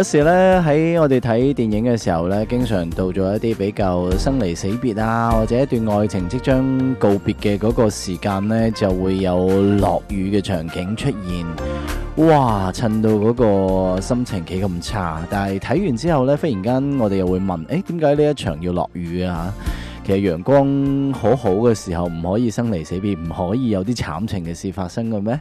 有時咧喺我哋睇電影嘅時候咧，經常到咗一啲比較生離死別啊，或者一段愛情即將告別嘅嗰個時間咧，就會有落雨嘅場景出現。哇！襯到嗰個心情幾咁差，但係睇完之後呢，忽然間我哋又會問：誒點解呢一場要落雨啊？嘅陽光好好嘅時候，唔可以生離死別，唔可以有啲慘情嘅事發生嘅咩？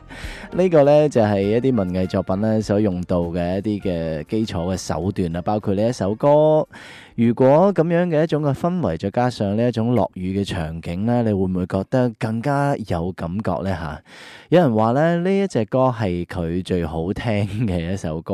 呢個咧就係一啲文藝作品咧所用到嘅一啲嘅基礎嘅手段啊，包括呢一首歌。如果咁樣嘅一種嘅氛圍，再加上呢一種落雨嘅場景咧，你會唔會覺得更加有感覺咧？吓，有人話咧呢一隻歌係佢最好聽嘅一首歌，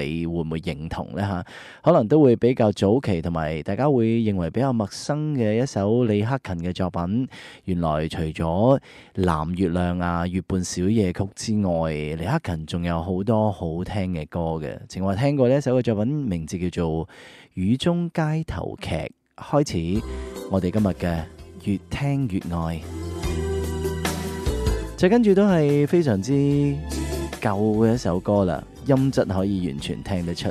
你會唔會認同咧？吓，可能都會比較早期，同埋大家會認為比較陌生。嘅一首李克勤嘅作品，原來除咗《藍月亮》啊，《月半小夜曲》之外，李克勤仲有好多好聽嘅歌嘅。啱啱聽過呢一首嘅作品，名字叫做《雨中街頭劇》，開始我，我哋今日嘅越聽越愛，就跟住都係非常之舊嘅一首歌啦，音質可以完全聽得出。.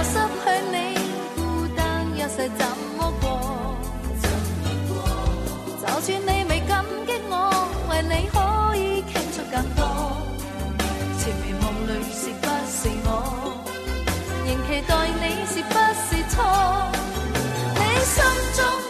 失去你，孤單一世怎麼過？就算你未感激我，為你可以傾出更多。纏綿夢裏是不是我？仍期待你是不是錯？你心中。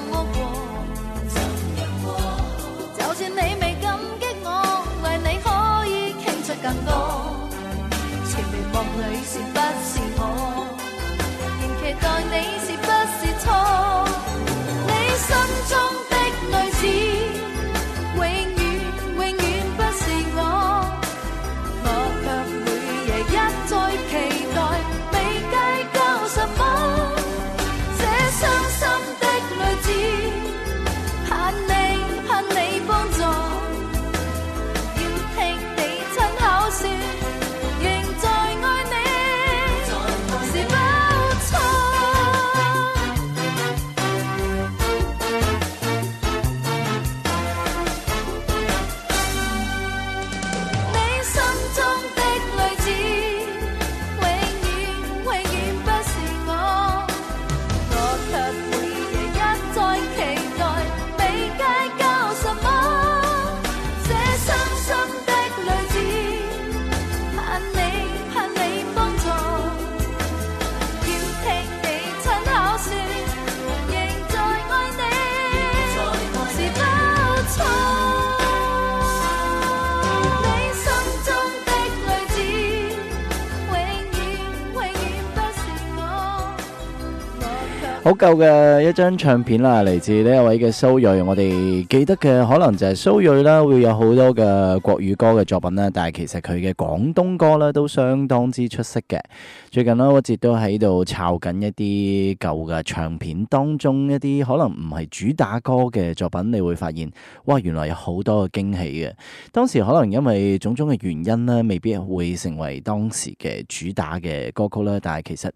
好舊嘅一張唱片啦，嚟自呢一位嘅蘇芮。我哋記得嘅可能就係蘇芮啦，會有好多嘅國語歌嘅作品啦。但係其實佢嘅廣東歌咧都相當之出色嘅。最近呢，我亦都喺度抄緊一啲舊嘅唱片當中一啲可能唔係主打歌嘅作品，你會發現，哇，原來有好多嘅驚喜嘅。當時可能因為種種嘅原因呢，未必會成為當時嘅主打嘅歌曲啦。但係其實，誒、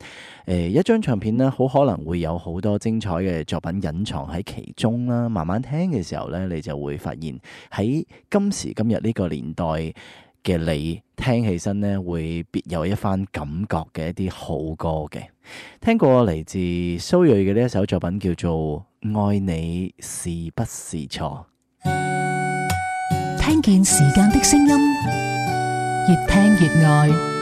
呃，一張唱片呢，好可能會有。好多精彩嘅作品隱藏喺其中啦，慢慢聽嘅時候呢，你就會發現喺今時今日呢個年代嘅你聽起身呢，會別有一番感覺嘅一啲好歌嘅。聽過嚟自蘇芮嘅呢一首作品，叫做《愛你是不是錯》。聽見時間的聲音，越聽越愛。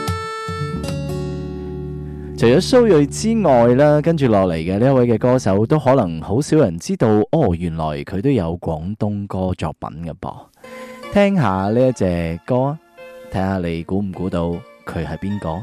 除咗蘇芮之外咧，跟住落嚟嘅呢一位嘅歌手，都可能好少人知道哦，原來佢都有廣東歌作品嘅噃，聽下呢一隻歌，睇下你估唔估到佢係邊個？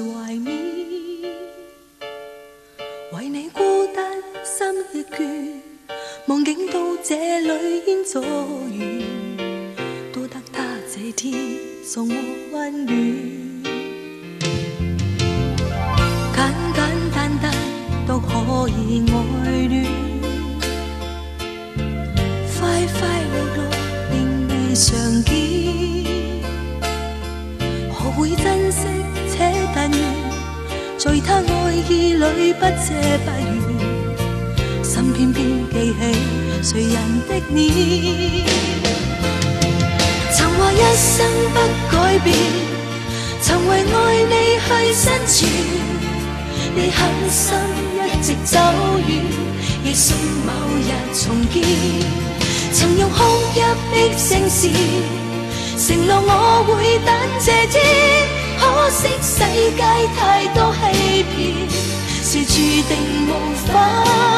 太多欺騙，是注定無法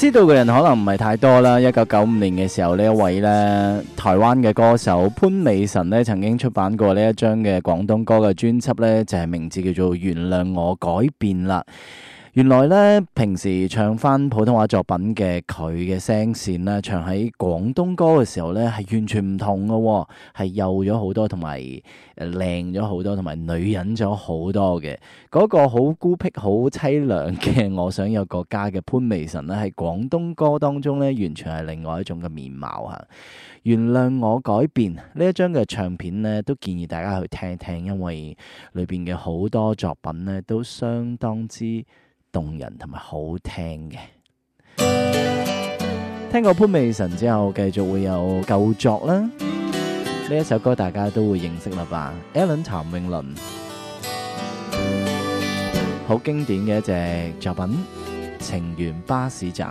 知道嘅人可能唔係太多啦。一九九五年嘅時候，呢一位咧台灣嘅歌手潘美辰咧，曾經出版過呢一張嘅廣東歌嘅專輯呢，就係、是、名字叫做《原諒我改變》啦。原來咧，平時唱返普通話作品嘅佢嘅聲線咧，唱喺廣東歌嘅時候咧，係完全唔同嘅，哦，係幼咗好多，同埋誒靚咗好多，同埋女人咗好多嘅。嗰個好孤僻、好凄涼嘅，我想有個家嘅潘美辰呢，喺廣東歌當中咧，完全係另外一種嘅面貌嚇。原諒我改變呢一張嘅唱片呢都建議大家去聽聽，因為裏邊嘅好多作品呢都相當之動人同埋好聽嘅，聽過潘美辰之後，繼續會有舊作啦。呢一首歌大家都會認識啦吧？Alan 譚詠麟，好 經典嘅一隻作品《情緣巴士站》。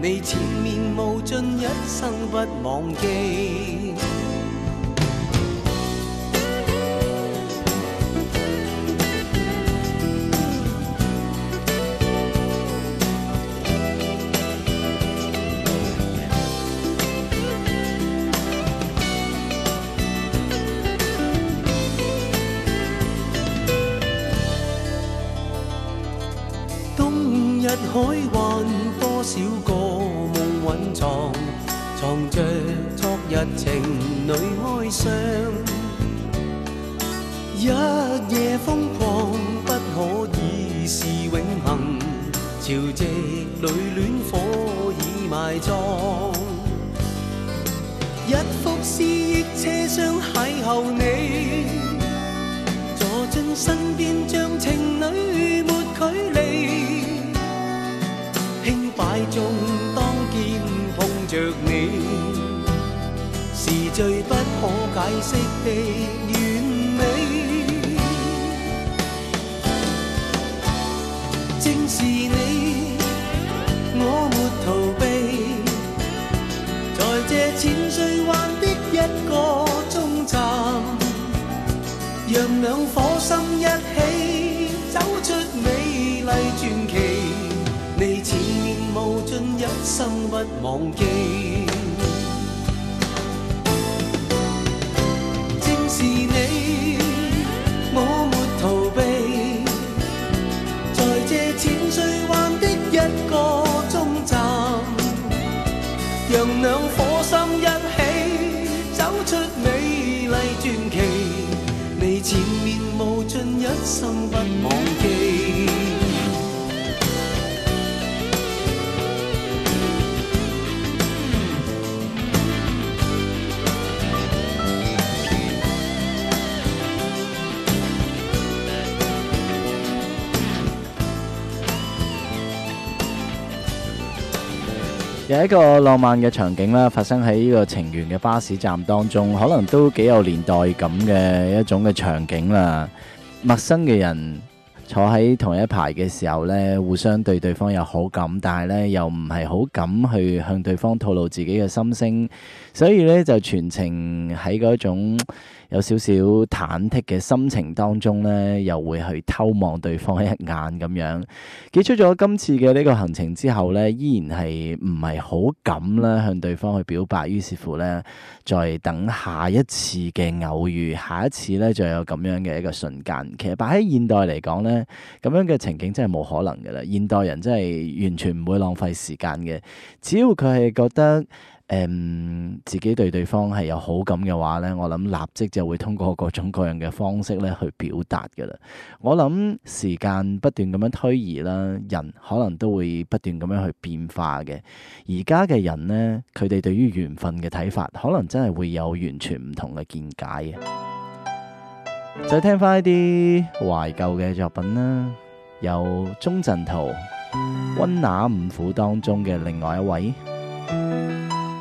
你纏綿無盡，一生不忘記。若你是最不可解釋的完美，正是你，我沒逃避，在這淺水灣的一個終站，讓兩顆心一起。不忘記正是你，我沒逃避，在這淺水灣的一個終站，讓兩顆心一起走出美麗傳奇。你前面無盡一生不忘。有一個浪漫嘅場景啦，發生喺呢個情緣嘅巴士站當中，可能都幾有年代感嘅一種嘅場景啦。陌生嘅人坐喺同一排嘅時候呢，互相對對方有好感，但係呢又唔係好敢去向對方透露自己嘅心聲，所以呢就全程喺嗰種。有少少忐忑嘅心情當中呢，又會去偷望對方一眼咁樣，結束咗今次嘅呢個行程之後呢，依然係唔係好敢啦向對方去表白，於是乎呢，再等下一次嘅偶遇，下一次呢就有咁樣嘅一個瞬間。其實擺喺現代嚟講呢，咁樣嘅情景真係冇可能噶啦，現代人真係完全唔會浪費時間嘅，只要佢係覺得。誒、嗯，自己對對方係有好感嘅話呢，我諗立即就會通過各種各樣嘅方式咧去表達噶啦。我諗時間不斷咁樣推移啦，人可能都會不斷咁樣去變化嘅。而家嘅人呢，佢哋對於緣分嘅睇法，可能真係會有完全唔同嘅見解嘅。再聽翻啲懷舊嘅作品啦，有鍾鎮濤《溫拿五虎》當中嘅另外一位。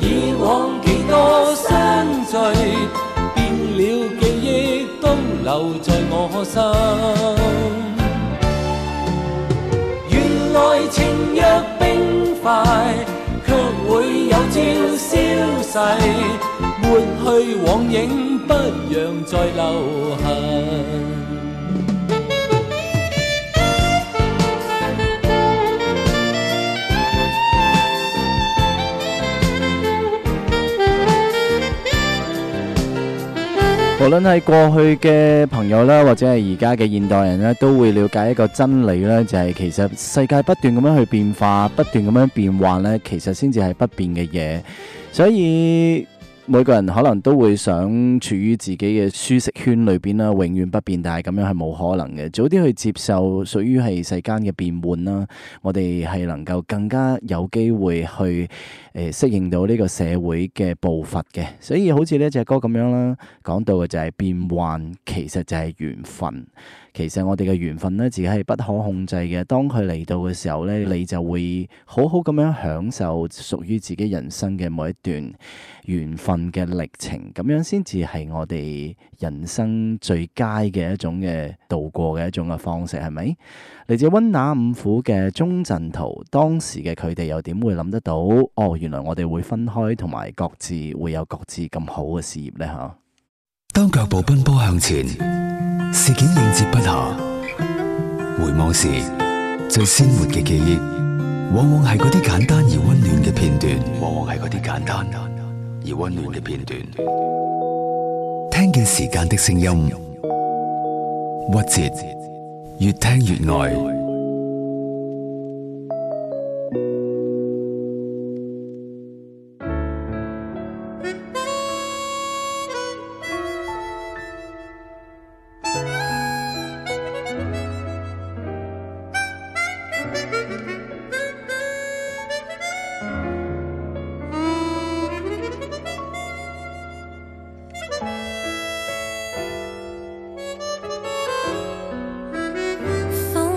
以往幾多相聚，變了記憶都留在我心。原來情若冰塊，卻會有朝消逝，抹去往影，不讓再留痕。無論係過去嘅朋友啦，或者係而家嘅現代人咧，都會了解一個真理咧，就係其實世界不斷咁樣去變化，不斷咁樣變幻咧，其實先至係不變嘅嘢，所以。每個人可能都會想處於自己嘅舒適圈裏邊啦，永遠不變，但係咁樣係冇可能嘅。早啲去接受屬於係世間嘅變換啦，我哋係能夠更加有機會去誒、呃、適應到呢個社會嘅步伐嘅。所以好似呢隻歌咁樣啦，講到嘅就係變幻，其實就係緣分。其實我哋嘅緣分呢，自己係不可控制嘅。當佢嚟到嘅時候呢，你就會好好咁樣享受屬於自己人生嘅每一段緣分嘅歷程。咁樣先至係我哋人生最佳嘅一種嘅度過嘅一種嘅方式，係咪？嚟自溫拿五虎嘅鍾鎮濤，當時嘅佢哋又點會諗得到？哦，原來我哋會分開，同埋各自會有各自咁好嘅事業呢。吓。當腳步奔波向前，事件應接不暇，回望時最鮮活嘅記憶，往往係嗰啲簡單而溫暖嘅片段。往往係嗰啲簡單而溫暖嘅片段。聽見時間的聲音，曲折，越聽越愛。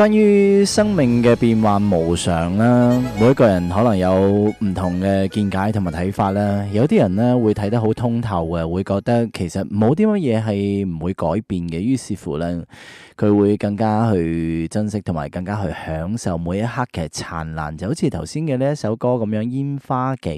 關於生命嘅變幻無常啦，每一個人可能有唔同嘅見解同埋睇法啦。有啲人呢會睇得好通透嘅，會覺得其實冇啲乜嘢係唔會改變嘅，於是乎呢，佢會更加去珍惜同埋更加去享受每一刻嘅燦爛。就好似頭先嘅呢一首歌咁樣，《煙花紀》。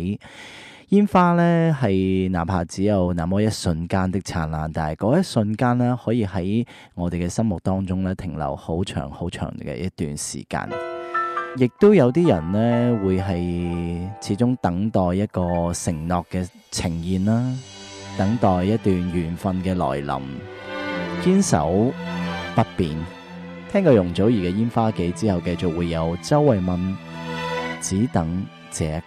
煙花呢，係哪怕只有那麼一瞬間的燦爛，但係嗰一瞬間呢，可以喺我哋嘅心目當中呢，停留好長好長嘅一段時間。亦都有啲人呢，會係始終等待一個承諾嘅呈現啦，等待一段緣分嘅來臨，堅守不變。聽過容祖兒嘅《煙花記》之後，繼續會有周慧敏《只等這一季》。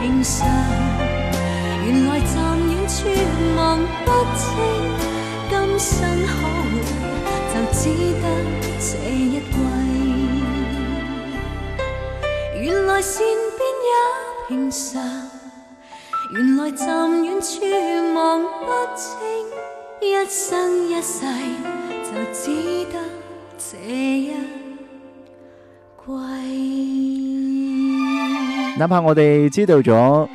平常，原來站遠處望不清，今生可會就只得這一季。原來善變也平常，原來站遠處望不清，一生一世就只得這一季。哪怕我哋知道咗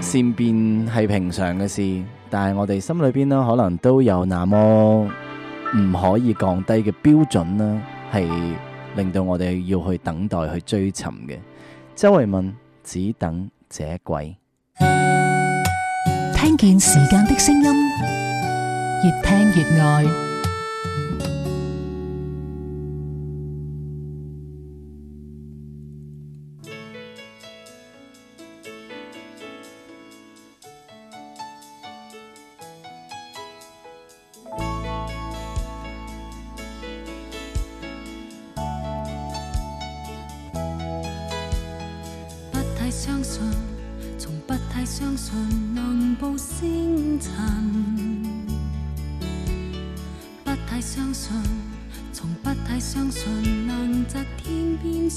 善變係平常嘅事，但係我哋心裏邊呢，可能都有那麼唔可以降低嘅標準呢，係令到我哋要去等待、去追尋嘅。周慧敏只等這一季，聽見時間的聲音，越聽越愛。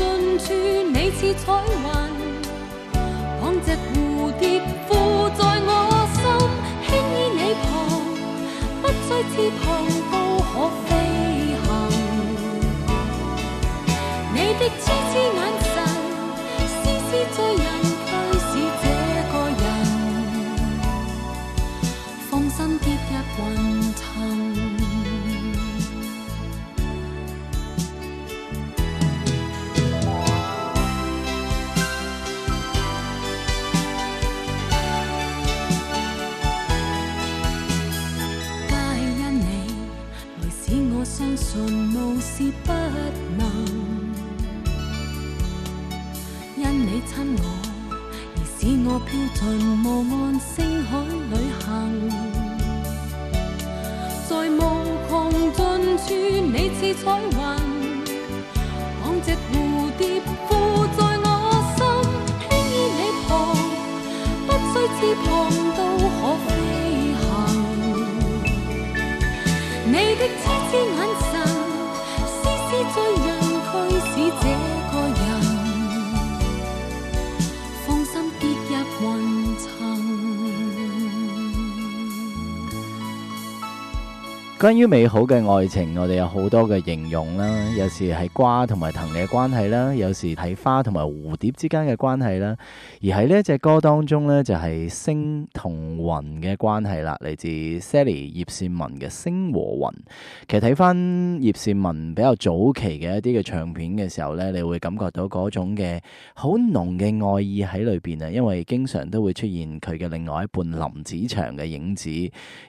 近住你似彩雲，捧着蝴蝶附在我心，輕依你旁，不需翅膀都可飛行。你的痴痴。隻蝴蝶附在我心，輕倚你旁，不需知翅膀。關於美好嘅愛情，我哋有好多嘅形容啦，有時係瓜同埋藤嘅關係啦，有時係花同埋蝴蝶之間嘅關係啦，而喺呢一隻歌當中呢，就係星同雲嘅關係啦，嚟自 Sally 葉倩文嘅《星和雲》。其實睇返葉倩文比較早期嘅一啲嘅唱片嘅時候呢，你會感覺到嗰種嘅好濃嘅愛意喺裏邊啊，因為經常都會出現佢嘅另外一半林子祥嘅影子，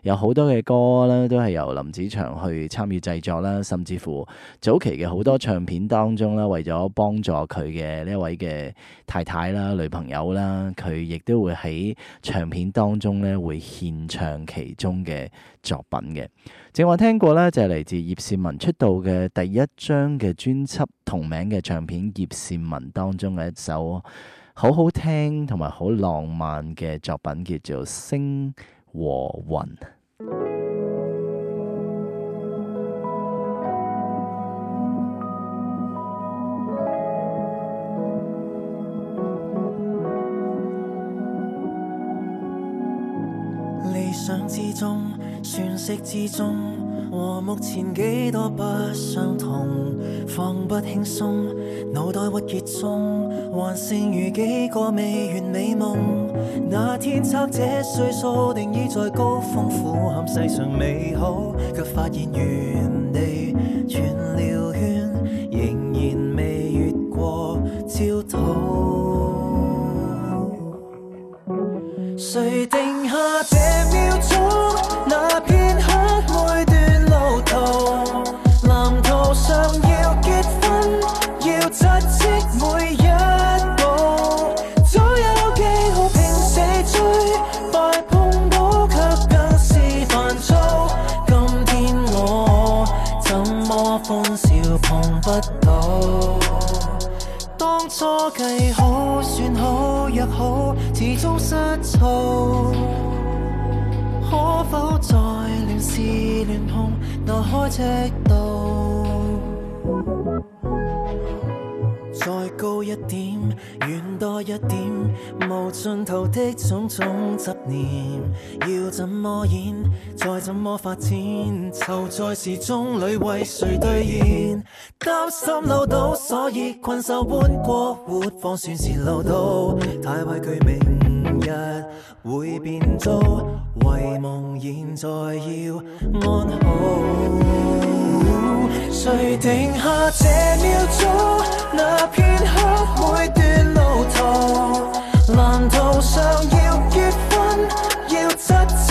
有好多嘅歌咧都係由林林子祥去參與製作啦，甚至乎早期嘅好多唱片當中啦，為咗幫助佢嘅呢位嘅太太啦、女朋友啦，佢亦都會喺唱片當中咧會獻唱其中嘅作品嘅。正話聽過咧，就係嚟自葉倩文出道嘅第一張嘅專輯同名嘅唱片《葉倩文》當中嘅一首好好聽同埋好浪漫嘅作品，叫做《星和雲》。之中，酸息之中，和目前幾多不相同，放不輕鬆，腦袋鬱結中，還剩餘幾個未完美夢，那天差這歲數定已在高峰俯瞰世上美好，卻發現完。可否再亂試亂碰那開尺度， 再高一點，遠多一點，無盡頭的種種執念，要怎麼演？再怎麼發展，就在時鐘裡為誰兌現？擔心漏到，所以困獸般過活，方算是漏到，太畏懼命。會變做遺夢，現在要安好。誰停 下這秒鐘，那片刻每段路途。難道想要結婚，要執。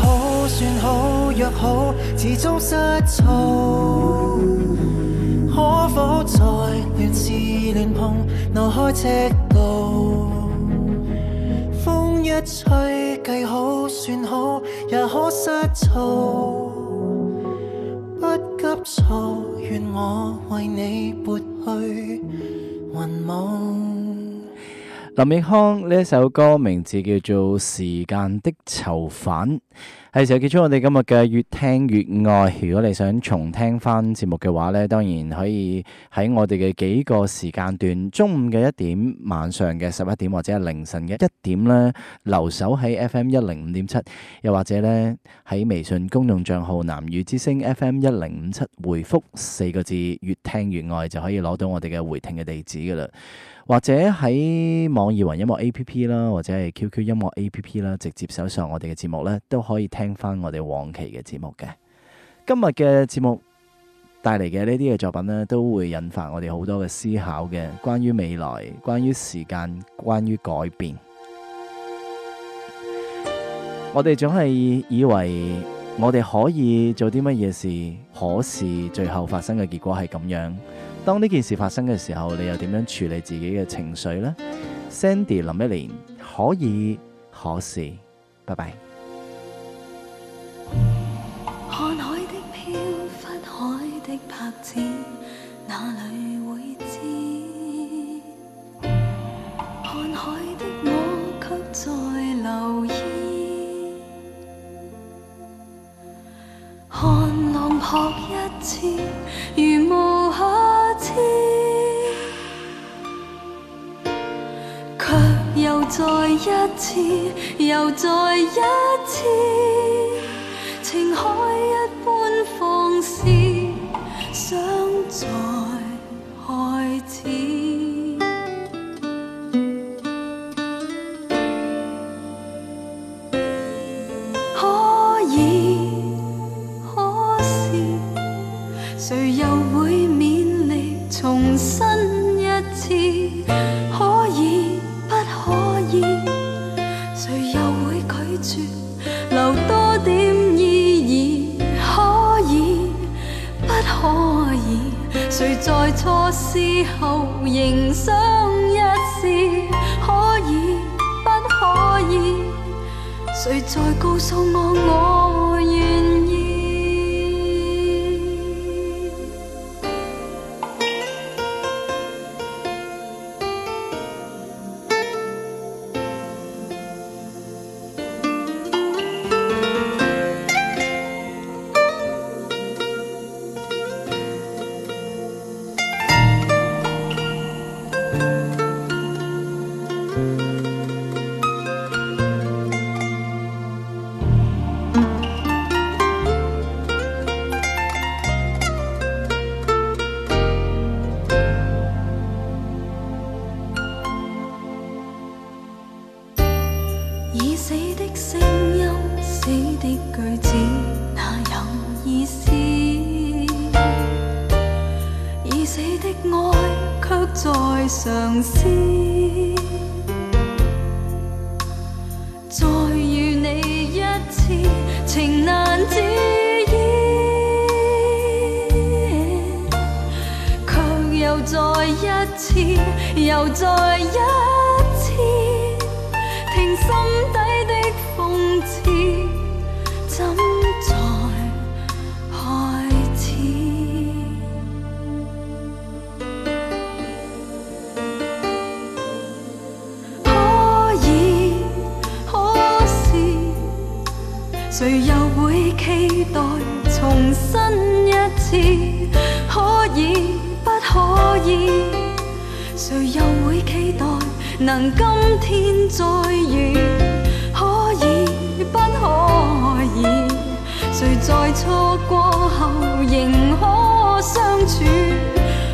好，始終失措。可否在亂試亂碰中開車路？風一吹，計好算好，也可失措。不急躁，願我為你撥去雲霧。林奕匡呢首歌名字叫做《時間的囚犯》，係時候結束我哋今日嘅越聽越愛。如果你想重聽翻節目嘅話呢，當然可以喺我哋嘅幾個時間段：中午嘅一點、晚上嘅十一點或者係凌晨嘅一點呢，留守喺 FM 一零五點七，又或者呢喺微信公眾賬號南粵之聲 FM 一零五七回覆四個字“越聽越愛”，就可以攞到我哋嘅回聽嘅地址噶啦。或者喺網易雲音樂 A P P 啦，或者係 Q Q 音樂 A P P 啦，直接搜索我哋嘅節目咧，都可以聽翻我哋往期嘅節目嘅。今日嘅節目帶嚟嘅呢啲嘅作品呢，都會引發我哋好多嘅思考嘅，關於未來，關於時間，關於改變。我哋總係以為我哋可以做啲乜嘢事，可是最後發生嘅結果係咁樣。當呢件事發生嘅時候，你又點樣處理自己嘅情緒呢？Sandy 林一蓮，可以，可是，拜拜。再一次，又再一次，情海一般放肆，想再。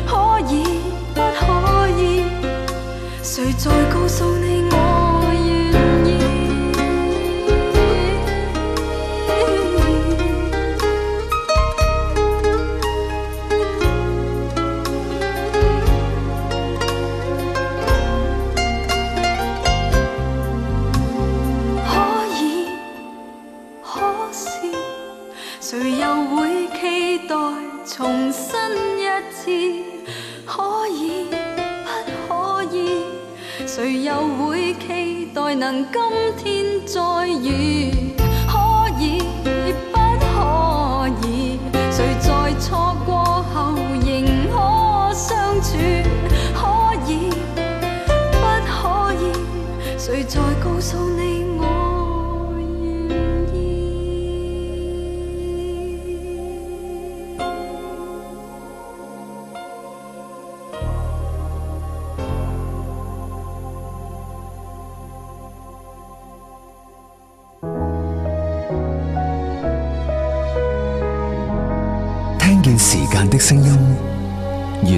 可以不可以？誰在告訴你？ 今天再遇。